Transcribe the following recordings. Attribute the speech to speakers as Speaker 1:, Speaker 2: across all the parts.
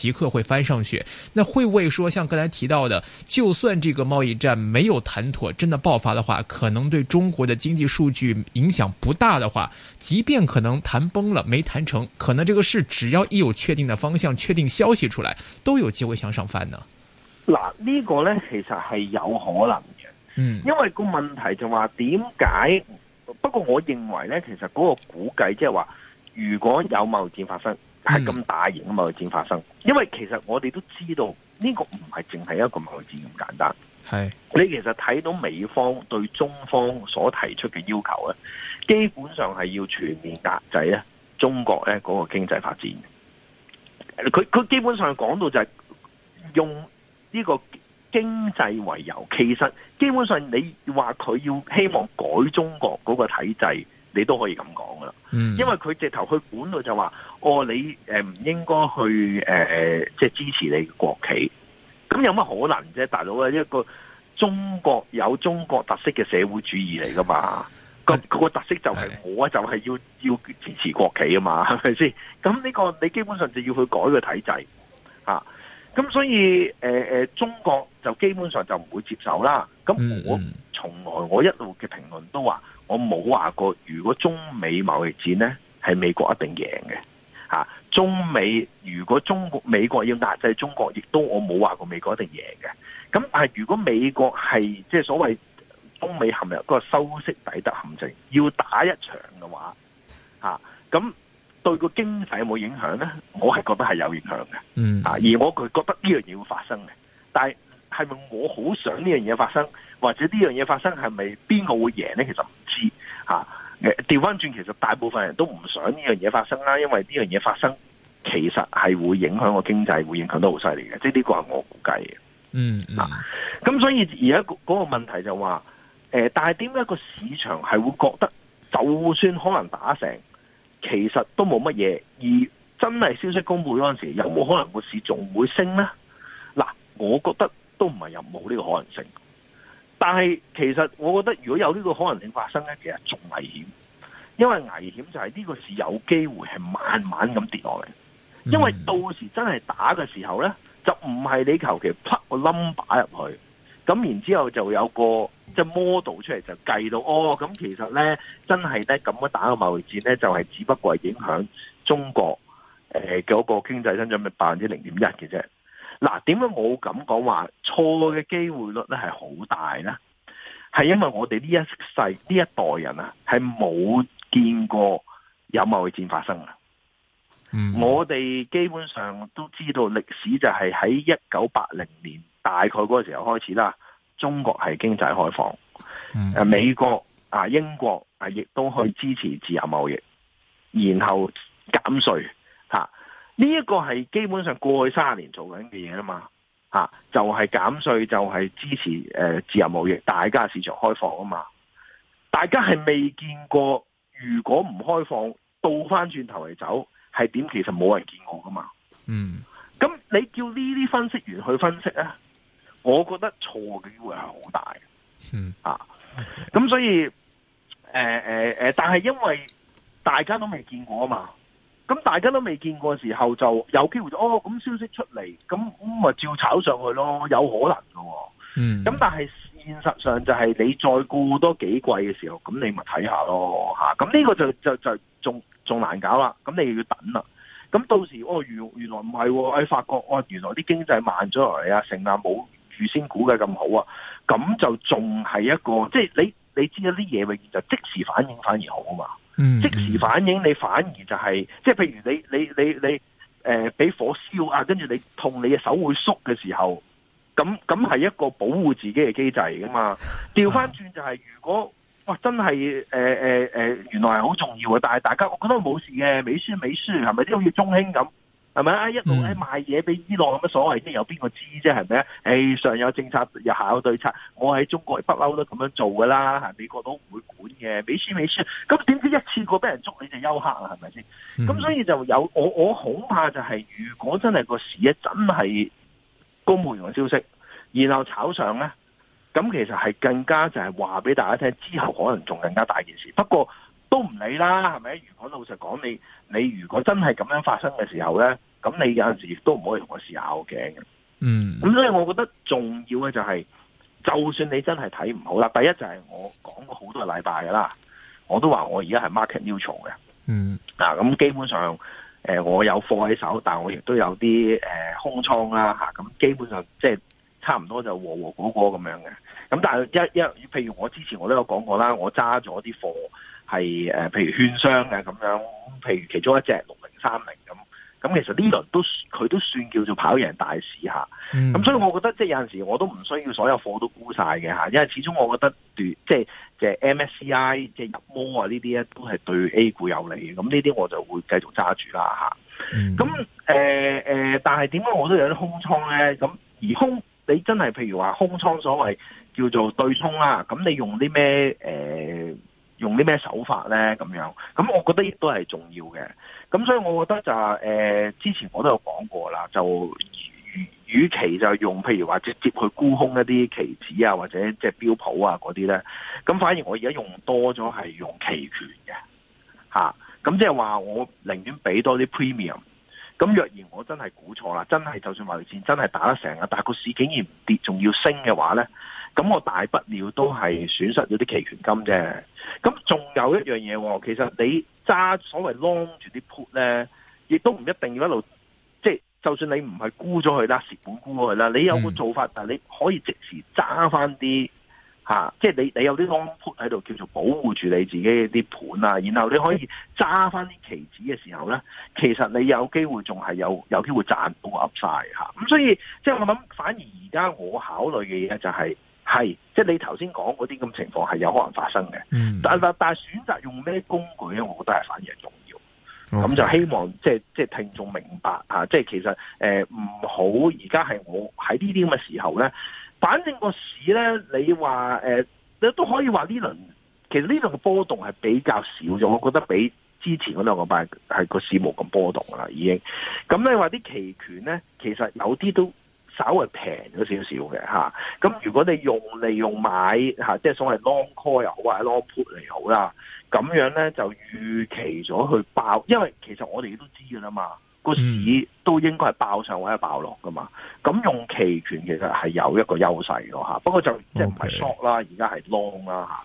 Speaker 1: 即刻會翻上去，那會不會說，像剛才提到的，就算這個貿易戰沒有談妥，真的爆發的話，可能對中國的經濟數據影響不大的話，即便可能談崩了，沒談成，可能這個市只要一有確定的方向、確定消息出來，都有機會向上翻呢？嗱，
Speaker 2: 呢個呢其實係有可能嘅，嗯，因為個問題就話點解？不過我認為呢，其實嗰個估計即係話，如果有貿易戰發生。係咁大型嘅貿戰發生。因為其實我哋都知道呢個唔係淨係一個貿易戰咁簡單。係是的 你其實睇到美方對中方所提出嘅要求咧，基本上係要全面壓制咧中國咧嗰個經濟發展。佢佢基本上講到就係用呢個經濟為由，其實基本上你話佢要希望改中國嗰個體制。你都可以咁講噶啦，因為佢直頭去管到就話，哦你呃唔應該去即係、呃呃、支持你國企，咁有乜可能啫？大佬啊，一個中國有中國特色嘅社會主義嚟噶嘛，個是個特色就係我就係要是要支持國企啊嘛，係咪先？咁呢個你基本上就要去改個體制啊，咁所以、呃、中國就基本上就唔會接受啦。咁我從來我一路嘅評論都話。我冇話過如，如果中美貿易戰呢，係美國一定贏嘅吓。中美如果中國美國要壓制中國，亦都我冇話過美國一定贏嘅。咁但係如果美國係即係所謂中美陷入個修昔底德陷阱，要打一場嘅話，吓、啊、咁對那個經濟有冇影響呢？我係覺得係有影響嘅，嗯啊，而我佢覺得呢樣嘢會發生嘅，但係。係咪我好想呢樣嘢發生，或者呢樣嘢發生係咪邊個會贏呢？其實唔知吓。調翻轉，其實大部分人都唔想呢樣嘢發生啦，因為呢樣嘢發生其實係會影響個經濟，會影響得好犀利嘅。即係呢個係我估計嘅。嗯，嗯啊，咁所以而家嗰個問題就話，誒、呃，但係點解個市場係會覺得，就算可能打成，其實都冇乜嘢，而真係消息公布嗰陣時，有冇可能個市仲會升咧？嗱、啊，我覺得。冇呢個可能性，但係其實我覺得如果有呢個可能性發生咧，其實仲危險，因為危險就係呢個事有機是有機會係慢慢咁跌落嚟，因為到時真係打嘅時候咧，就唔係你求其插個 number 入去，咁然之後就有個即係 model 出嚟就計到，哦咁、嗯、其實咧真係咧咁樣打個貿易戰咧，就係、是、只不過係影響中國誒嘅嗰個經濟增長嘅百分之零點一嘅啫。嗱，點解我咁講話錯嘅機會率咧係好大呢？係因為我哋呢一世呢一代人啊，係冇見過有貿易戰發生啊！嗯、我哋基本上都知道歷史就係喺一九八零年大概嗰個時候開始啦，中國係經濟開放，誒、嗯，美國啊，英國啊，亦都去支持自由貿易，然後減稅吓。啊呢一個係基本上過去三十年做緊嘅嘢啊嘛，嚇、啊、就係、是、減稅，就係、是、支持誒、呃、自由貿易，大家市場開放啊嘛。大家係未見過，如果唔開放，倒翻轉頭嚟走係點？其實冇人見過噶嘛。嗯。咁你叫呢啲分析員去分析咧，我覺得錯嘅機會係好大。嗯。啊。咁 okay. 所以誒誒誒，但係因為大家都未見過啊嘛。咁大家都未見過嘅時候，就有機會就哦咁消息出嚟，咁咁咪照炒上去咯，有可能嘅、哦。嗯，咁但係現實上就係你再顧多幾季嘅時候，咁你咪睇下咯吓。咁呢個就就就仲仲難搞啦。咁你就要等啦。咁到時哦原原來唔係喎，哎發覺哦原來啲經濟慢咗落嚟啊，成啊冇預先估計咁好啊，咁就仲係一個即係你你知咗啲嘢永就即時反應反而好啊嘛。即時反應你反而就係、是，即係譬如你你你你誒俾、呃、火燒啊，跟住你痛，你嘅手會縮嘅時候，咁咁係一個保護自己嘅機制噶嘛。調翻轉就係、是，如果哇真係誒誒誒，原來係好重要嘅，但係大家我覺得冇事嘅，美舒美舒係咪啲好似中興咁？係咪啊？一路賣賣嘢俾伊朗咁嘅所謂啫，有邊個知啫？係咪啊？誒，上有政策又下有對策，我喺中國不嬲都咁樣做噶啦，係美國都唔會管嘅，俾錢俾錢。咁點知一次過俾人捉你就休克啦？係咪先？咁所以就有我我恐怕就係、是、如果真係個事，咧真係公布嘅消息，然後炒上咧，咁其實係更加就係話俾大家聽，之後可能仲更加大件事。不過。都唔理啦，係咪？如果老實講，你你如果真係咁樣發生嘅時候咧，咁你有陣時亦都唔可以同我試拗頸嘅。嗯，咁所以我覺得重要嘅就係、是，就算你真係睇唔好啦，第一就係我講過好多禮拜噶啦，我都話我而家係 market neutral 嘅。嗯，嘅、啊。咁基本上，誒、呃，我有貨喺手，但我亦都有啲誒、呃、空倉啦，吓、啊，咁基本上即係、就是、差唔多就和和嗰個咁樣嘅。咁、嗯、但係一一，譬如我之前我都有講過啦，我揸咗啲貨。係誒、呃，譬如券商嘅咁樣，譬如其中一隻六零三零咁，咁其實呢輪都佢都算叫做跑贏大市吓。
Speaker 3: 咁、嗯、所以我
Speaker 2: 覺得即係有陣時我都唔需要所有貨都沽晒嘅吓，因為始終我覺得對即係即係 MSCI 即係入魔啊呢啲咧都係對 A 股有利嘅。咁呢啲我就會繼續揸住啦吓。咁誒誒，但係點解我都有啲空倉咧？咁而空你真係譬如話空倉，所謂叫做對沖啦，咁你用啲咩誒？呃用啲咩手法咧咁樣，咁我覺得亦都係重要嘅。咁所以，我覺得就係、呃、之前我都有講過啦，就與，與其就用譬如話直接去沽空一啲期指啊，或者即係標普啊嗰啲咧，咁反而我而家用多咗係用期權嘅嚇。咁即係話，我寧願俾多啲 premium。咁若然我真係估錯啦，真係就算話以前真係打得成嘅，但係個市竟然唔跌，仲要升嘅話咧？咁我大不了都係損失咗啲期權金啫。咁仲有一樣嘢，其實你揸所謂 long 住啲 put 咧，亦都唔一定要一路即係，就是、就算你唔係沽咗佢啦，蝕本沽咗佢啦，你有個做法，嗱，你可以即時揸翻啲吓，即係你你有啲 long put 喺度，叫做保護住你自己啲盤啊。然後你可以揸翻啲期指嘅時候咧，其實你有機會仲係有有機會賺到 upside。咁、啊、所以即係、就是、我諗，反而而家我考慮嘅嘢就係、是。係，即係你頭先講嗰啲咁情況係有可能發生嘅、嗯，但但但係選擇用咩工具咧，我覺得係反而係重要。
Speaker 3: 咁 Okay. 就希
Speaker 2: 望即係即係聽眾明白啊！即係其實誒唔、呃、好而家係我喺呢啲咁嘅時候咧，反正個市咧，你話誒、呃，你都可以話呢輪其實呢輪嘅波動係比較少咗，我覺得比之前嗰兩個拜係個市冇咁波動啦，已經。咁你話啲期權咧，其實有啲都。稍微平咗少少嘅嚇，咁如果你用嚟用買嚇，即係所謂 long call 又好，或者 long put 嚟好啦，咁樣咧就預期咗去爆，因為其實我哋都知㗎啦嘛，個市都應該係爆上或者爆落㗎嘛，咁用期權其實係有一個優勢㗎嚇，不過就即係唔係 short 啦，而家係 long 啦嚇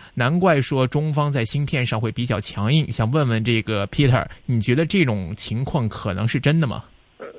Speaker 1: 難怪說中方在芯片上會比較強硬，想問問這個 Peter，你覺得這種情況可能是真的嗎？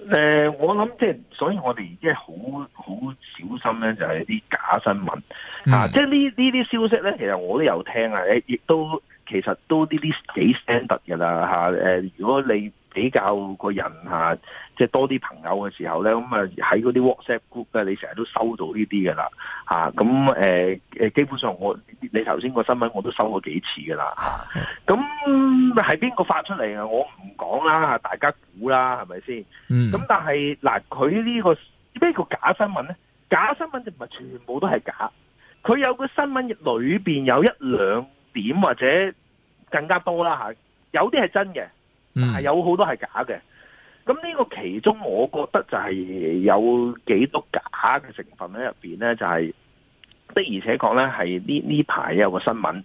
Speaker 2: 誒、呃，我諗即係，所以我哋即係好好小心咧，就係啲假新聞、嗯、啊！即係呢呢啲消息咧，其實我都有聽啊，亦都。其實都啲啲幾 standard 嘅啦吓，誒、啊，如果你比較個人吓，啊，即係多啲朋友嘅時候咧，咁啊喺嗰啲 WhatsApp group 呢,你成日都收到呢啲嘅啦吓。咁誒誒,基本上我你頭先個新聞我都收過幾次嘅啦吓，咁係邊個發出嚟啊？我唔講啦,大家估啦,係咪先？咁但係嗱,佢呢個咩個假新聞咧,假新聞就唔係全部都係假,佢有個新聞裏邊有一兩點或者。更加多啦吓，有啲係真嘅，
Speaker 3: 但係有
Speaker 2: 好多係假嘅。咁呢個其中，我覺得就係有幾多假嘅成分喺入邊咧，就係的而且確咧係呢呢排有個新聞，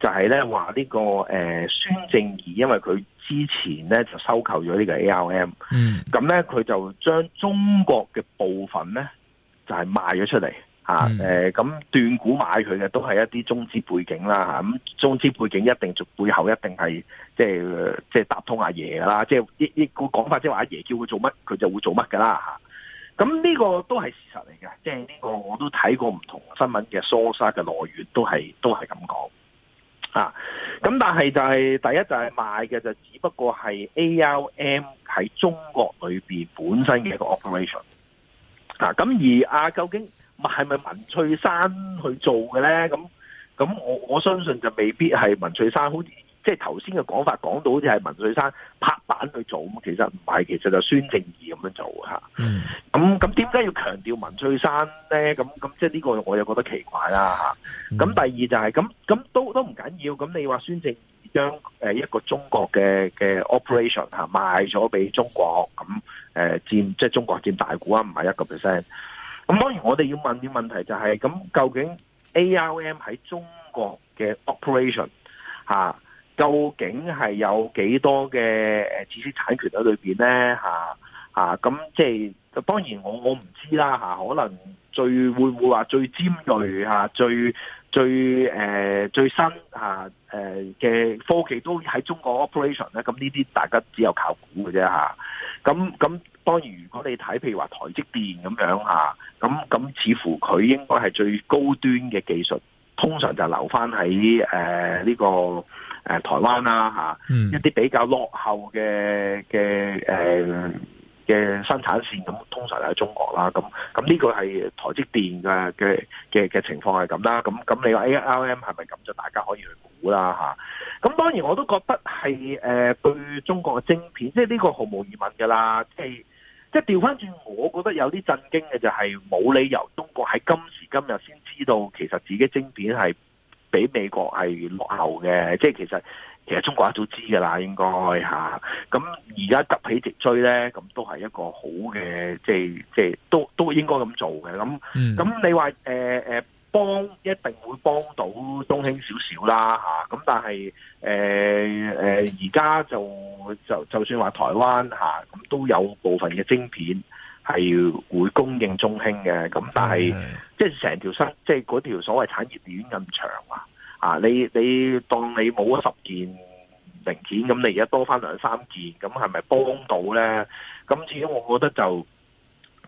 Speaker 2: 就係咧話呢、呢個誒孫、呃、正義，因為佢之前咧就收購咗呢個 ARM 嗯，咁咧佢就將中國嘅部分咧就係、是、賣咗出嚟。嗯、啊，誒、嗯，咁斷股買佢嘅都係一啲中資背景啦，咁、啊啊、中資背景一定背後一定係即係即係搭通阿爺啦，即係呢個講法即係話阿爺叫佢做乜佢就會做乜噶啦，咁、啊、呢個都係事實嚟嘅，即係呢個我都睇過唔同新聞嘅 source 嘅來源都係都係咁講。咁、啊、但係就係、是、第一就係賣嘅就只不過係 ARM 喺中國裏面本身嘅一個 operation、啊。咁、啊、而阿、啊、究竟？唔係咪文翠山去做嘅咧？咁咁我我相信就未必係文翠山，好似即係頭先嘅講法講到，好似係文翠山拍板去做。咁其實唔係，其實就孫正義咁樣做吓。咁咁點解要強調文翠山咧？咁咁即係呢個我又覺得奇怪啦吓。咁第二就係咁咁都都唔緊要。咁你話孫正義將誒一個中國嘅嘅 operation 吓賣咗俾中國咁誒、呃、佔即係、就是、中國佔大股啊，唔係一個 percent。咁當然我哋要問啲問題就係、是，咁究竟 ARM 喺中國嘅 operation、啊、究竟係有幾多嘅誒知識產權喺裏邊咧咁、啊啊、即係當然我我唔知啦、啊、可能最會唔會話最尖鋭、啊、最最、呃、最新嘅、啊呃、科技都喺中國 operation 咧？咁呢啲大家只有靠估嘅啫咁咁。啊當然，如果你睇譬如話台積電咁樣嚇，咁咁似乎佢應該係最高端嘅技術，通常就留翻喺誒呢個誒、呃、台灣啦嚇，啊嗯、一啲比較落後嘅嘅誒嘅生產線咁，通常就喺中國啦，咁咁呢個係台積電嘅嘅嘅嘅情況係咁啦，咁咁你話 ARM 係咪咁就大家可以去估啦嚇。咁、啊、當然我都覺得係誒、呃、對中國嘅晶片，即係呢個毫無疑問噶啦，即係。即係調翻轉，我覺得有啲震驚嘅就係冇理由中國喺今時今日先知道，其實自己晶片係比美國係落後嘅。即係其實其實中國一早知噶啦，應該吓。咁而家急起直追咧，咁都係一個好嘅，即係即係都都應該咁做嘅。咁咁、嗯、你話誒誒。呃呃幫一定會幫到中興少少啦嚇，咁、啊、但係誒誒，而、呃、家、呃、就就就算話台灣嚇，咁、啊、都有部分嘅晶片係會供應中興嘅，咁、啊、但係即係成條生，即係嗰條所謂產業鏈咁長啊，啊你你當你冇咗十件零件，咁你而家多翻兩三件，咁係咪幫到咧？咁始終我覺得就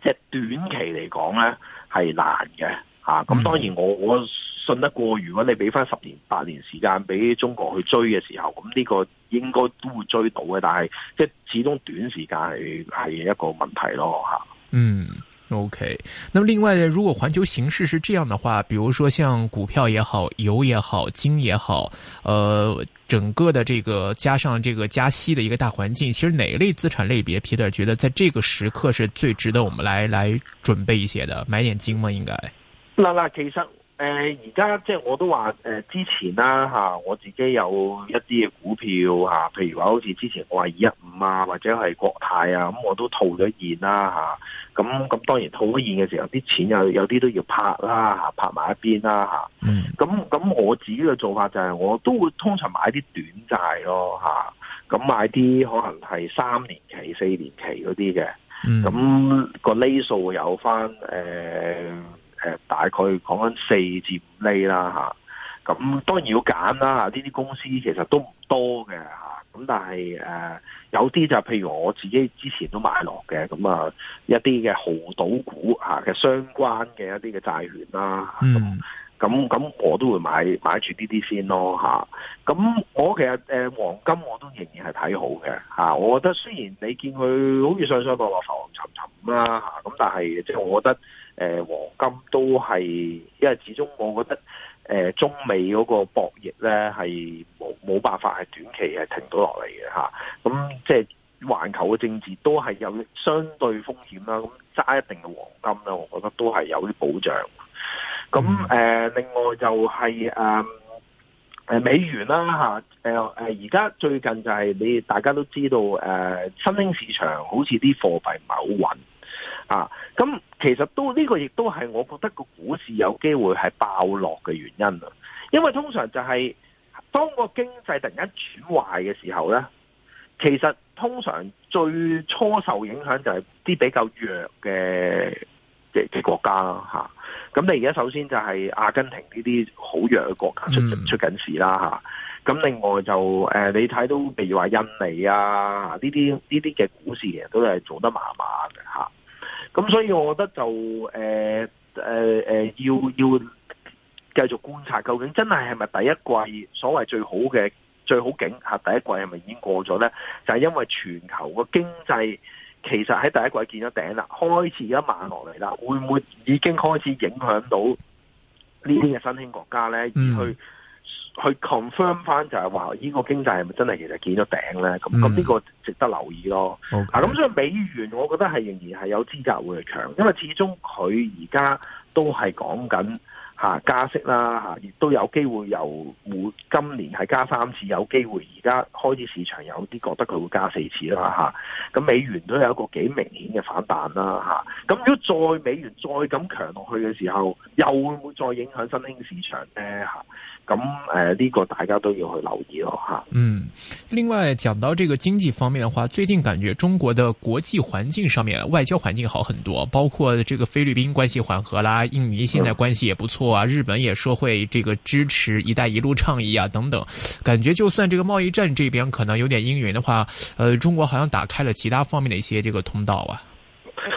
Speaker 2: 即係、就是、短期嚟講咧係難嘅。啊，咁、嗯嗯、當然我我信得過，如果你俾翻十年八年時間俾中國去追嘅時候，咁、嗯、呢、這個應該都會追到嘅。但係即係始終短時間係係一個問題咯，吓、嗯。
Speaker 1: 嗯，OK。咁另外咧，如果環球形勢是這樣的話，比如說像股票也好、油也好、金也好，呃，整個的這個加上這個加息的一個大環境，其實哪一類資產類別，皮特覺得在這個時刻是最值得我們來來準備一些的，買點金嘛，應該。
Speaker 2: 嗱嗱，其實誒而家即係我都話誒之前啦、啊、嚇，我自己有一啲嘅股票嚇，譬如話好似之前我話二一五啊，或者係國泰啊，咁我都套咗現啦嚇。咁、啊、咁當然套咗現嘅時候，啲錢有有啲都要拍啦嚇，拍埋一邊啦嚇。咁、啊、咁我自己嘅做法就係、是、我都會通常買啲短債咯嚇，咁、啊、買啲可能係三年期、四年期嗰啲嘅。
Speaker 3: 咁、那
Speaker 2: 個釐數有翻誒。呃誒，大概講緊四至五厘啦吓，咁當然要揀啦，呢啲公司其實都唔多嘅吓，咁但係誒有啲就係、譬如我自己之前都買落嘅，咁啊一啲嘅豪賭股吓嘅相關嘅一啲嘅債券啦。
Speaker 3: 咁、
Speaker 2: 嗯咁咁我都會買買住呢啲先咯嚇。咁、啊、我其實黃金我都仍然係睇好嘅、啊、我覺得雖然你見佢好似上上落落浮沉沉啦嚇，咁、啊、但係即係我覺得、呃、黃金都係因為始終我覺得、呃、中美嗰個博弈咧係冇冇辦法係短期係停到落嚟嘅嚇。咁即係環球嘅政治都係有相對風險啦。咁、啊、揸一定嘅黃金呢，我覺得都係有啲保障。咁誒，嗯、另外就係誒誒美元啦吓，誒誒而家最近就係、是、你大家都知道誒新興市場好似啲貨幣唔係好穩啊，咁其實都呢、這個亦都係我覺得個股市有機會係爆落嘅原因啊，因為通常就係當個經濟突然間轉壞嘅時候咧，其實通常最初受影響就係啲比較弱嘅嘅嘅國家啦吓。啊咁你而家首先就係阿根廷呢啲好弱嘅國家出、嗯、出緊事啦咁另外就、呃、你睇到譬如話印尼啊呢啲呢啲嘅股市其實都係做得麻麻嘅咁所以我覺得就、呃呃呃、要要繼續觀察究竟真係係咪第一季所謂最好嘅最好景嚇第一季係咪已經過咗咧？就係、是、因為全球嘅經濟。其實喺第一季見咗頂啦，開始而家慢落嚟啦，會唔會已經開始影響到呢啲嘅新興國家咧？而去、嗯、去 confirm 翻就係話呢個經濟係咪真係其實見咗頂咧？咁咁呢個值得留意咯。
Speaker 3: Okay. 啊，咁所
Speaker 2: 以美元，我覺得係仍然係有資格會去強，因為始終佢而家都係講緊。嚇加息啦嚇，亦都有機會由今年係加三次，有機會而家開始市場有啲覺得佢會加四次啦嚇，咁美元都有一個幾明顯嘅反彈啦嚇，咁如果再美元再咁強落去嘅時候，又會唔會再影響新興市場咧？咁誒，呢個大家都要去
Speaker 1: 留意咯吓。嗯，另外講到這個經濟方面的話，最近感覺中國的國際環境上面，外交環境好很多，包括這個菲律賓關係緩和啦，印尼現在關係也不錯啊，日本也說會這個支持“一帶一路”倡議啊，等等。感覺就算這個貿易戰這邊可能有點陰雲的話，呃，中國好像打開了其他方面的一些這個通道啊。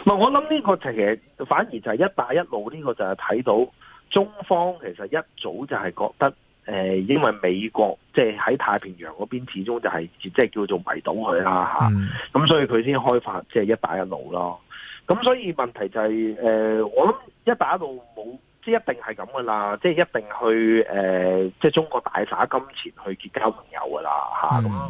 Speaker 2: 我諗呢個其實反而就係“一帶一路”呢個就係睇到。中方其實一早就係覺得，誒、呃，因為美國即係喺太平洋嗰邊始終就係即係叫做圍堵佢啦嚇，咁所以佢先開發即係、就是、一帶一路咯。咁所以問題就係、是，誒、呃，我諗一帶一路冇即係一定係咁噶啦，即、就、係、是、一定去誒，即、呃、係、就是、中國大灑金錢去結交朋友噶啦嚇。咁咁、啊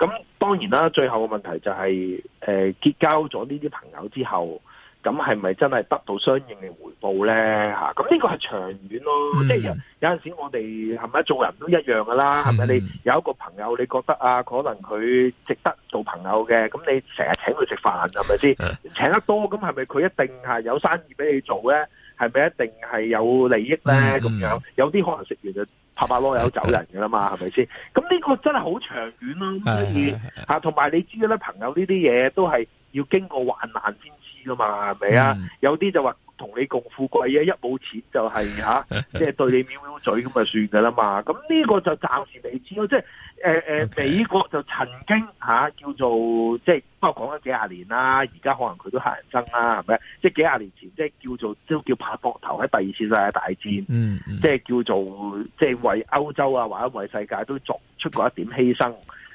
Speaker 2: 嗯、當然啦，最後嘅問題就係、是呃，結交咗呢啲朋友之後，咁係咪真係得到相應嘅回報咧？嚇，咁呢個係長遠咯。即係有陣時，我哋係咪做人都一樣㗎啦？係咪你有一個朋友，你覺得啊，可能佢值得做朋友嘅，咁你成日請佢食飯，係咪先？請得多，咁係咪佢一定係有生意俾你做咧？係咪一定係有利益咧？咁樣有啲可能食完就拍拍囉柚走人㗎啦嘛，係咪先？咁呢個真係好長遠
Speaker 3: 咯。咁所以
Speaker 2: 嚇，同埋你知啦，朋友呢啲嘢都係要經過患難先。嘛，係咪啊？有啲就話同你共富貴、就是、 啊，一冇錢就係、是、吓，即係對你藐藐嘴咁啊，算噶啦嘛。咁呢個就暫時未知咯，即係誒誒，美國就曾經吓、啊、叫做，即係不過講咗幾廿年啦，而家可能佢都乞人憎啦，係咪？即係幾廿年前，即係叫做都叫拍膊頭喺第二次世界大戰，嗯，嗯即係叫做即係為歐洲啊，或者為世界都作出過一點犧牲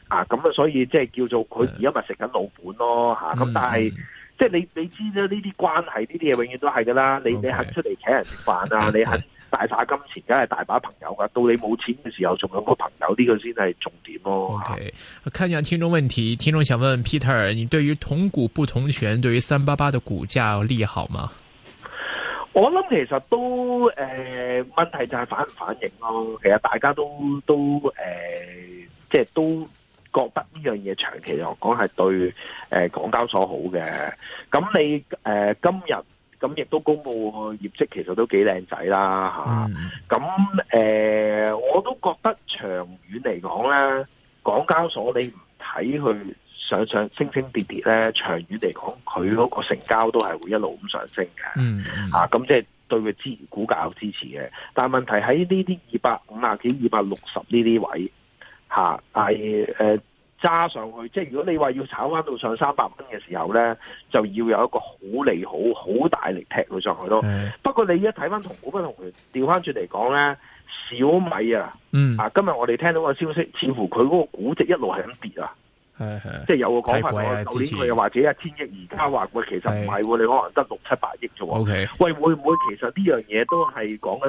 Speaker 2: 啊，咁啊，所以即係叫做佢而家咪食緊老本咯，吓、啊、咁，但係。嗯嗯即係你你知啦，呢啲關係呢啲嘢永遠都係噶啦。Okay. 你你肯出嚟請人食飯啊， 你肯大晒金錢，梗係大把朋友噶、啊。到你冇錢嘅時候，仲有個朋友呢、這個先係重點咯、
Speaker 1: 啊。OK，看向聽眾問題，聽眾想問 Peter，你對於同股不同權，對於三八八嘅股價有利好嗎？
Speaker 2: 我諗其實都誒、呃，問題就係反唔反應咯、啊。其實大家都都誒、呃，即係都。覺得呢樣嘢長期嚟講係對、呃、港交所好嘅。咁你、呃、今日咁亦都公佈個業績，其實都幾靚仔啦嚇。
Speaker 3: 咁、
Speaker 2: 啊嗯呃、我都覺得長遠嚟講咧，港交所你唔睇佢上上升升跌跌咧，長遠嚟講佢嗰個成交都係會一路咁上升嘅。嗯咁即係對佢支股價有支持嘅。但問題喺呢啲二百五啊幾、二百六十呢啲位。吓係誒揸上去，即係如果你話要炒翻到上三百蚊嘅時候咧，就要有一個好利好、好大力劈佢上去咯。是不過你而家睇翻同股不同權，調翻轉嚟講咧，小米啊，嗯、啊，今日我哋聽到個消息，似乎佢嗰個估值一路係咁跌啊，係係
Speaker 3: 是，即係有個講法，舊年佢又持或
Speaker 2: 者一千億，而家話喂，其實唔係喎，是你可能得六七百億啫喎，OK，喂會唔會其實呢樣嘢都係講緊？